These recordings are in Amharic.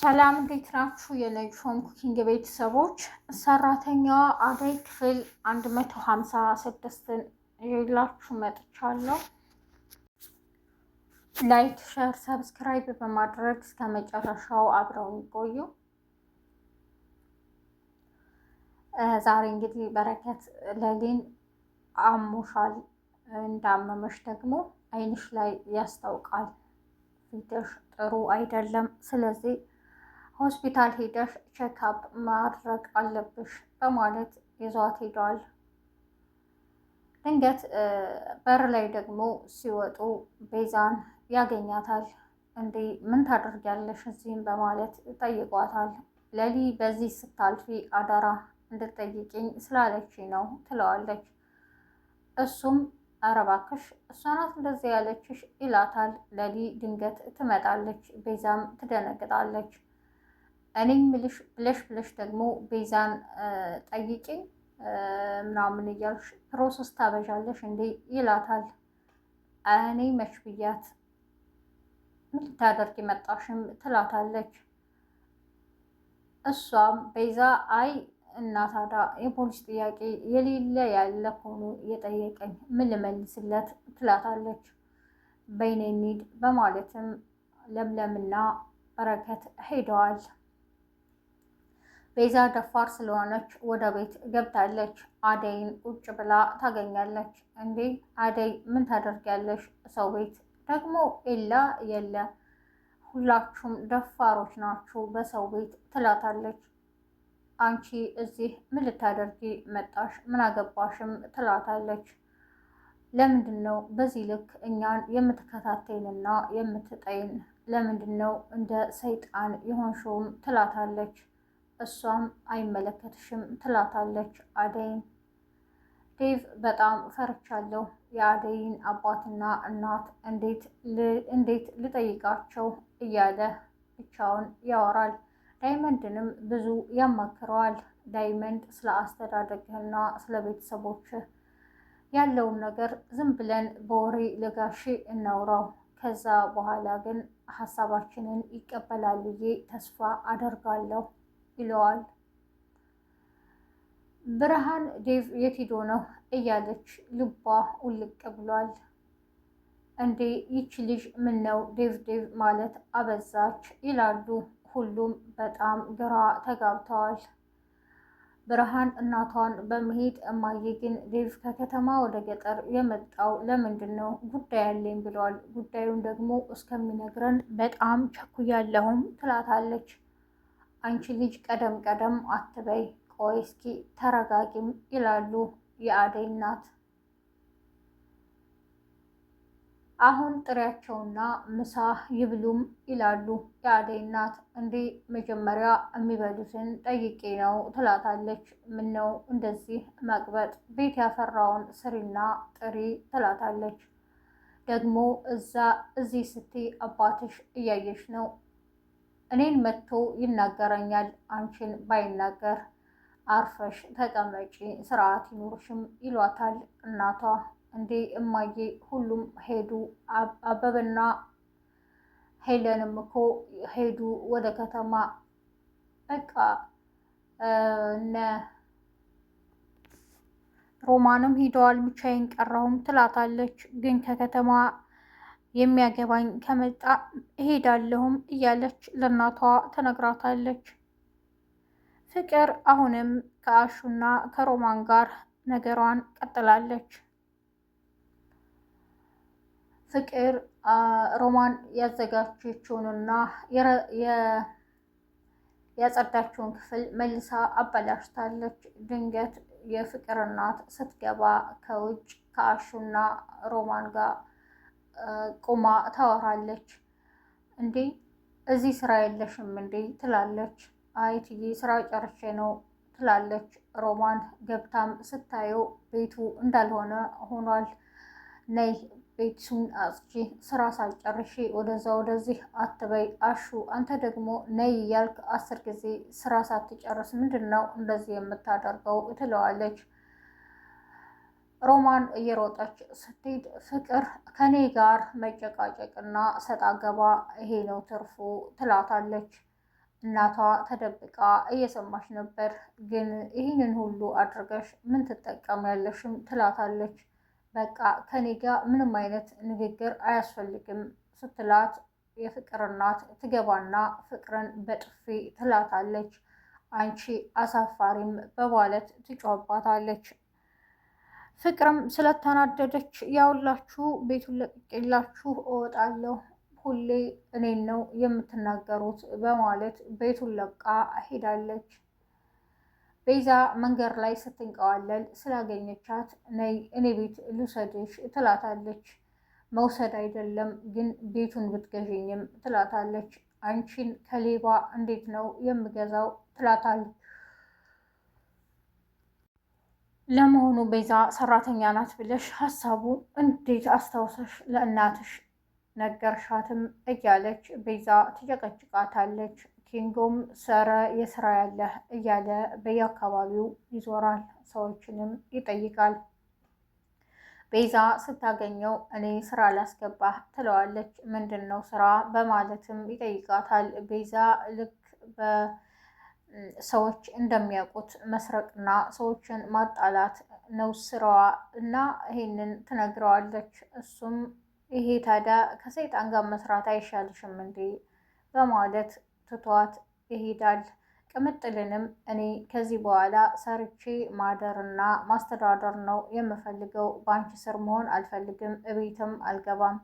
ሰላም እንዴት ናችሁ? የነጂ ኩኪንግ ቤተሰቦች ሰራተኛዋ አደይ ክፍል 156ን ይዤላችሁ መጥቻለሁ። ላይክ፣ ሸር፣ ሰብስክራይብ በማድረግ እስከ መጨረሻው አብረው ይቆዩ። ዛሬ እንግዲህ በረከት ለሊን አሞሻል፣ እንዳመመሽ ደግሞ አይንሽ ላይ ያስታውቃል፣ ፊትሽ ጥሩ አይደለም፣ ስለዚህ ሆስፒታል ሄደሽ ቼክአፕ ማድረግ አለብሽ በማለት ይዟት ሄዷል። ድንገት በር ላይ ደግሞ ሲወጡ ቤዛን ያገኛታል። እንዴ ምን ታደርጊያለሽ እዚህም በማለት ጠይቋታል። ለሊ በዚህ ስታልፊ አደራ እንድትጠይቅኝ ስላለች ነው ትለዋለች። እሱም ኧረ እባክሽ እሷ ናት እንደዚህ ያለችሽ ይላታል። ለሊ ድንገት ትመጣለች። ቤዛም ትደነግጣለች። እኔም ብለሽ ብለሽ ደግሞ ቤዛን ጠይቂ ምናምን እያልሽ ፕሮሰስ ታበዣለሽ እንዴ ይላታል። እኔ መች ብያት ምን ልታደርግ መጣሽም ትላታለች። እሷም ቤዛ አይ እና የፖሊስ ጥያቄ የሌለ ያለ ሆኖ የጠየቀኝ ምን ልመልስለት ትላታለች። በይኔ እንሂድ በማለትም ለምለምና በረከት ሄደዋል። ቤዛ ደፋር ስለሆነች ወደ ቤት ገብታለች። አደይን ቁጭ ብላ ታገኛለች። እንዴ አደይ ምን ታደርጊያለሽ ሰው ቤት? ደግሞ ኤላ የለ ሁላችሁም ደፋሮች ናችሁ በሰው ቤት ትላታለች። አንቺ እዚህ ምን ልታደርጊ መጣሽ? ምን አገባሽም? ትላታለች። ለምንድን ነው በዚህ ልክ እኛን የምትከታተይንና የምትጠይን? ለምንድን ነው እንደ ሰይጣን የሆንሽውም? ትላታለች እሷም አይመለከትሽም ትላታለች አደይን። ዴቭ በጣም ፈርቻለሁ። የአደይን አባትና እናት እንዴት ልጠይቃቸው እያለ ብቻውን ያወራል። ዳይመንድንም ብዙ ያማክረዋል። ዳይመንድ ስለ አስተዳደግህና ስለ ቤተሰቦች ያለውን ነገር ዝም ብለን በወሬ ለጋሺ እናውራው፣ ከዛ በኋላ ግን ሀሳባችንን ይቀበላል ብዬ ተስፋ አደርጋለሁ ይለዋል። ብርሃን ዴቭ የት ሄዶ ነው እያለች ልቧ ውልቅ ብሏል። እንዴ ይቺ ልጅ ምን ነው ዴቭ ዴቭ ማለት አበዛች ይላሉ። ሁሉም በጣም ግራ ተጋብተዋል። ብርሃን እናቷን በመሄድ እማዬ ግን ዴቭ ከከተማ ወደ ገጠር የመጣው ለምንድን ነው? ጉዳይ አለኝ ብለዋል። ጉዳዩን ደግሞ እስከሚነግረን በጣም ቸኩያለሁም ትላታለች። አንቺ ልጅ ቀደም ቀደም አትበይ፣ ቆይ እስኪ ተረጋጊም ይላሉ የአደይ እናት። አሁን ጥሪያቸውና ምሳ ይብሉም ይላሉ የአደይ እናት። እንዲህ መጀመሪያ የሚበሉትን ጠይቄ ነው ትላታለች። ነው እንደዚህ መቅበጥ? ቤት ያፈራውን ስሪና ጥሪ ትላታለች። ደግሞ እዛ እዚህ ስትይ አባትሽ እያየሽ ነው እኔን መጥቶ ይናገረኛል። አንቺን ባይናገር አርፈሽ ተቀመጪ፣ ስርዓት ይኖርሽም ይሏታል እናቷ። እንዴ እማዬ፣ ሁሉም ሄዱ። አበብና ሄለንም እኮ ሄዱ ወደ ከተማ። በቃ እነ ሮማንም ሂደዋል ብቻዬን ቀረሁም ትላታለች። ግን ከከተማ የሚያገባኝ ከመጣ እሄዳለሁም እያለች ለእናቷ ተነግራታለች። ፍቅር አሁንም ከአሹና ከሮማን ጋር ነገሯን ቀጥላለች። ፍቅር ሮማን ያዘጋጀችውንና ያጸዳችውን ክፍል መልሳ አበላሽታለች። ድንገት የፍቅር እናት ስትገባ ከውጭ ከአሹና ሮማን ጋር ቁማ ታወራለች። እንዴ እዚህ ስራ የለሽም እንዴ ትላለች። አይትዬ ስራ ጨርሼ ነው ትላለች። ሮማን ገብታም ስታየው ቤቱ እንዳልሆነ ሆኗል። ነይ ቤቱን አጽጂ፣ ስራ ሳልጨርሽ ወደዛ ወደዚህ አትበይ። አሹ አንተ ደግሞ ነይ እያልክ አስር ጊዜ ስራ ሳትጨርስ ምንድን ነው እንደዚህ የምታደርገው? ትለዋለች ሮማን እየሮጠች ስትሄድ ፍቅር ከኔ ጋር መጨቃጨቅና ሰጣገባ ይሄ ነው ትርፉ ትላታለች። እናቷ ተደብቃ እየሰማች ነበር። ግን ይህንን ሁሉ አድርገሽ ምን ትጠቀሚያለሽም? ትላታለች። በቃ ከኔ ጋር ምንም አይነት ንግግር አያስፈልግም ስትላት የፍቅር እናት ትገባና ፍቅርን በጥፊ ትላታለች። አንቺ አሳፋሪም በማለት ትጮባታለች። ፍቅርም ስለተናደደች ያውላችሁ ቤቱን ለቅቄላችሁ እወጣለሁ፣ ሁሌ እኔን ነው የምትናገሩት በማለት ቤቱን ለቃ ሄዳለች። ቤዛ መንገድ ላይ ስትንቀዋለል ስላገኘቻት ነይ እኔ ቤት ልውሰድሽ ትላታለች። መውሰድ አይደለም ግን ቤቱን ብትገዥኝም ትላታለች። አንቺን ከሌባ እንዴት ነው የምገዛው ትላታለች። ለመሆኑ ቤዛ ሰራተኛ ናት ብለሽ ሀሳቡ እንዴት አስታውሰሽ ለእናትሽ ነገርሻትም? እያለች ቤዛ ትጨቀጭቃታለች። ኪንጎም ሰረ የስራ ያለህ እያለ በየአካባቢው ይዞራል፣ ሰዎችንም ይጠይቃል። ቤዛ ስታገኘው እኔ ስራ ላስገባ ትለዋለች። ምንድን ነው ስራ በማለትም ይጠይቃታል። ቤዛ ልክ በ ሰዎች እንደሚያውቁት መስረቅና ሰዎችን ማጣላት ነው ስራዋ እና ይሄንን ትነግረዋለች። እሱም ይሄ ታዲያ ከሰይጣን ጋር መስራት አይሻልሽም እንዴ በማለት ትቷት ይሄዳል። ቅምጥልንም እኔ ከዚህ በኋላ ሰርቼ ማደርና ማስተዳደር ነው የምፈልገው፣ በአንቺ ስር መሆን አልፈልግም፣ እቤትም አልገባም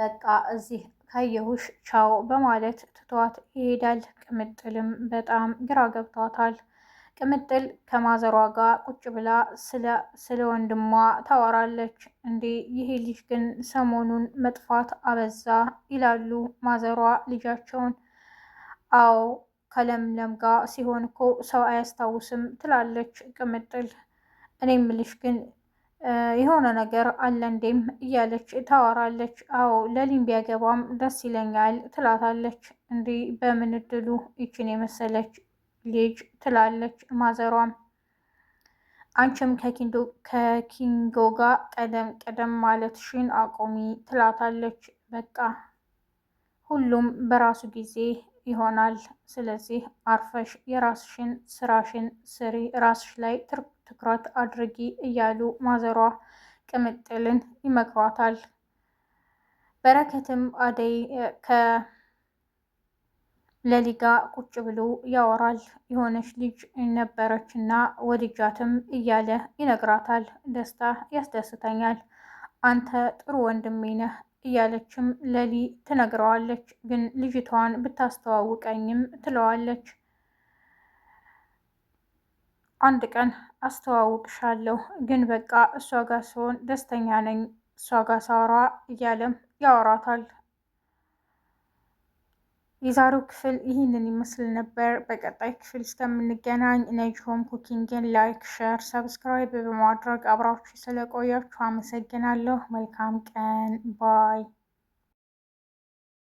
በቃ እዚህ ካየሁሽ ቻው በማለት ትቷት ይሄዳል። ቅምጥልም በጣም ግራ ገብቷታል። ቅምጥል ከማዘሯ ጋር ቁጭ ብላ ስለ ወንድሟ ታወራለች። እንዴ ይሄ ልጅ ግን ሰሞኑን መጥፋት አበዛ ይላሉ ማዘሯ ልጃቸውን። አዎ ከለምለም ጋር ሲሆን እኮ ሰው አያስታውስም ትላለች ቅምጥል። እኔ ምልሽ ግን የሆነ ነገር አለ እንዴም እያለች ታወራለች። አዎ ለሊም ቢያገባም ደስ ይለኛል ትላታለች። እንዲህ በምን እድሉ ይችን የመሰለች ልጅ ትላለች ማዘሯም አንቺም ከኪንጎ ጋር ቀደም ቀደም ማለትሽን አቆሚ ትላታለች። በቃ ሁሉም በራሱ ጊዜ ይሆናል። ስለዚህ አርፈሽ የራስሽን ስራሽን ስሪ፣ ራስሽ ላይ ትኩረት አድርጊ እያሉ ማዘሯ ቅምጥልን ይመክሯታል። በረከትም አደይ ከሌሊ ቁጭ ብሎ ያወራል። የሆነች ልጅ ነበረች እና ወድጃትም እያለ ይነግራታል። ደስታ ያስደስተኛል፣ አንተ ጥሩ ወንድሜ ነህ እያለችም ለሊ ትነግረዋለች። ግን ልጅቷን ብታስተዋውቀኝም ትለዋለች። አንድ ቀን አስተዋውቅሻለሁ፣ ግን በቃ እሷ ጋር ሲሆን ደስተኛ ነኝ እሷ ጋር ሳወራ እያለም ያወራታል። የዛሬው ክፍል ይህንን ይመስል ነበር። በቀጣይ ክፍል እስከምንገናኝ ነጂሆም ኩኪንግን ላይክ፣ ሸር፣ ሰብስክራይብ በማድረግ አብራችሁ ስለቆያችሁ አመሰግናለሁ። መልካም ቀን ባይ